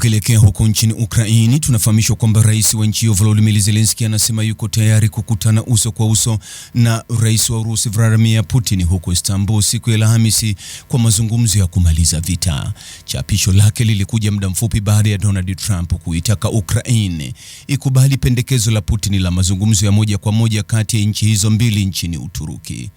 Tukielekea huko nchini Ukraini, tunafahamishwa kwamba rais wa nchi hiyo Volodymyr Zelensky anasema yuko tayari kukutana uso kwa uso na rais wa Urusi Vladimir Putin huko Istanbul siku ya Alhamisi kwa mazungumzo ya kumaliza vita. Chapisho lake lilikuja muda mfupi baada ya Donald Trump kuitaka Ukraine ikubali pendekezo la Putin la mazungumzo ya moja kwa moja kati ya nchi hizo mbili nchini Uturuki.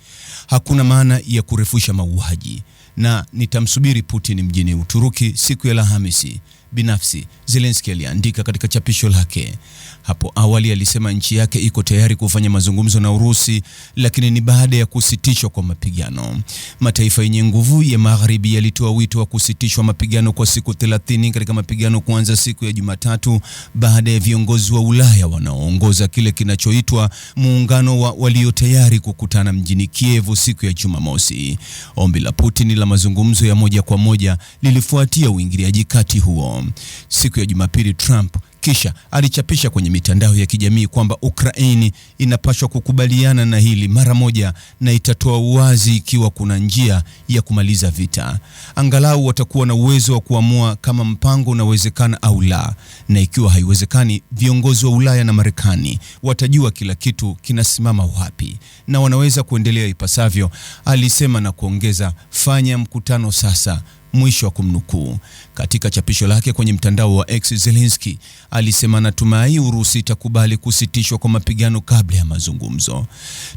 Hakuna maana ya kurefusha mauaji na nitamsubiri Putin mjini Uturuki siku ya Alhamisi. Binafsi, Zelensky aliandika katika chapisho lake. Hapo awali alisema nchi yake iko tayari kufanya mazungumzo na Urusi, lakini ni baada ya kusitishwa kwa mapigano. Mataifa yenye nguvu ya Magharibi yalitoa wito wa kusitishwa mapigano kwa siku 30 katika mapigano kuanza siku ya Jumatatu baada ya viongozi wa Ulaya wanaoongoza kile kinachoitwa muungano wa walio tayari kukutana mjini Kievu siku ya Jumamosi. Ombi la Putin la mazungumzo ya moja kwa moja lilifuatia uingiliaji kati huo. Siku ya Jumapili, Trump kisha alichapisha kwenye mitandao ya kijamii kwamba Ukraini inapaswa kukubaliana na hili mara moja na itatoa uwazi ikiwa kuna njia ya kumaliza vita. Angalau watakuwa na uwezo wa kuamua kama mpango unawezekana au la, na ikiwa haiwezekani, viongozi wa Ulaya na Marekani watajua kila kitu kinasimama wapi na wanaweza kuendelea ipasavyo, alisema na kuongeza, fanya mkutano sasa mwisho wa kumnukuu. Katika chapisho lake kwenye mtandao wa X, Zelensky alisema natumai Urusi itakubali kusitishwa kwa mapigano kabla ya mazungumzo.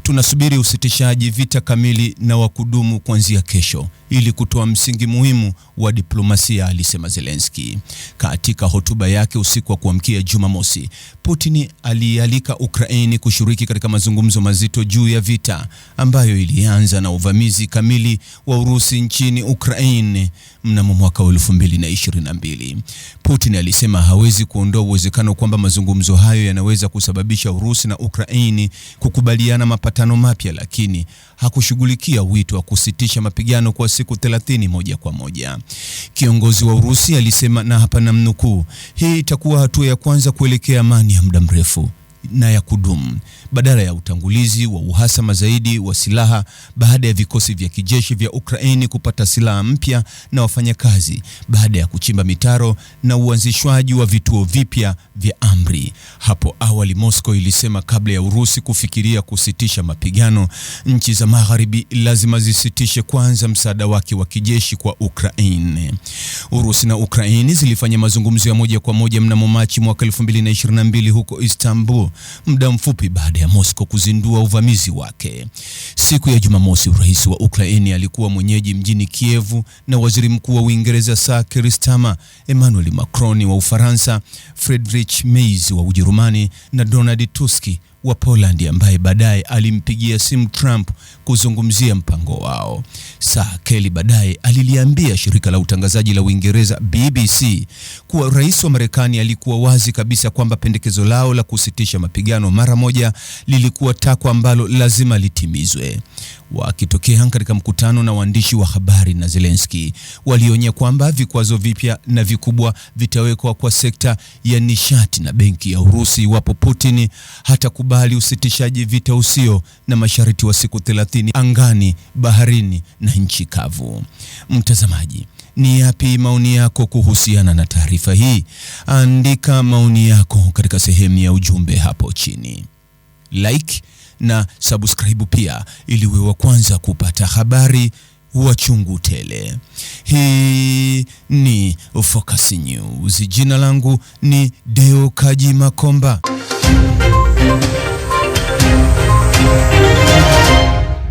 Tunasubiri usitishaji vita kamili na wa kudumu kuanzia kesho, ili kutoa msingi muhimu wa diplomasia, alisema Zelensky. Katika hotuba yake usiku wa kuamkia Jumamosi, Putin alialika Ukraini kushiriki katika mazungumzo mazito juu ya vita ambayo ilianza na uvamizi kamili wa Urusi nchini Ukraini mnamo mwaka 2022. Putin alisema hawezi kuondoa uwezekano kwamba mazungumzo hayo yanaweza kusababisha Urusi na Ukraini kukubaliana mapatano mapya, lakini hakushughulikia wito wa kusitisha mapigano kwa siku 30 moja kwa moja. Kiongozi wa Urusi alisema, na hapa namnukuu, hii itakuwa hatua ya kwanza kuelekea amani ya muda mrefu na ya kudumu badala ya utangulizi wa uhasama zaidi wa silaha baada ya vikosi vya kijeshi vya Ukraini kupata silaha mpya na wafanyakazi baada ya kuchimba mitaro na uanzishwaji wa vituo vipya vya amri. Hapo awa awali Moscow ilisema kabla ya Urusi kufikiria kusitisha mapigano, nchi za Magharibi lazima zisitishe kwanza msaada wake wa kijeshi kwa Ukraine. Urusi na Ukraine zilifanya mazungumzo ya moja kwa moja mnamo Machi mwaka 2022 huko Istanbul, muda mfupi baada ya Moscow kuzindua uvamizi wake. Siku ya Jumamosi, Rais wa Ukraine alikuwa mwenyeji mjini Kievu na Waziri Mkuu wa Uingereza Sir Keir Starmer, Emmanuel Macron wa Ufaransa, Friedrich Merz wa Ujerumani na Donald Tusk wa Poland ambaye baadaye alimpigia simu Trump kuzungumzia mpango wao. Sir Kelly baadaye aliliambia shirika la utangazaji la Uingereza BBC kuwa rais wa Marekani alikuwa wazi kabisa kwamba pendekezo lao la kusitisha mapigano mara moja lilikuwa takwa ambalo lazima litimizwe. Wakitokea katika mkutano na waandishi wa habari na Zelensky, walionya kwamba vikwazo vipya na vikubwa vitawekwa kwa sekta ya nishati na benki ya Urusi iwapo Putin hatakubali imekubali usitishaji vita usio na masharti wa siku 30 angani, baharini na nchi kavu. Mtazamaji, ni yapi maoni yako kuhusiana na taarifa hii? Andika maoni yako katika sehemu ya ujumbe hapo chini. Like na subscribe pia ili uwe wa kwanza kupata habari wa chungu tele. Hii ni Focus News. Jina langu ni Deo Kaji Makomba.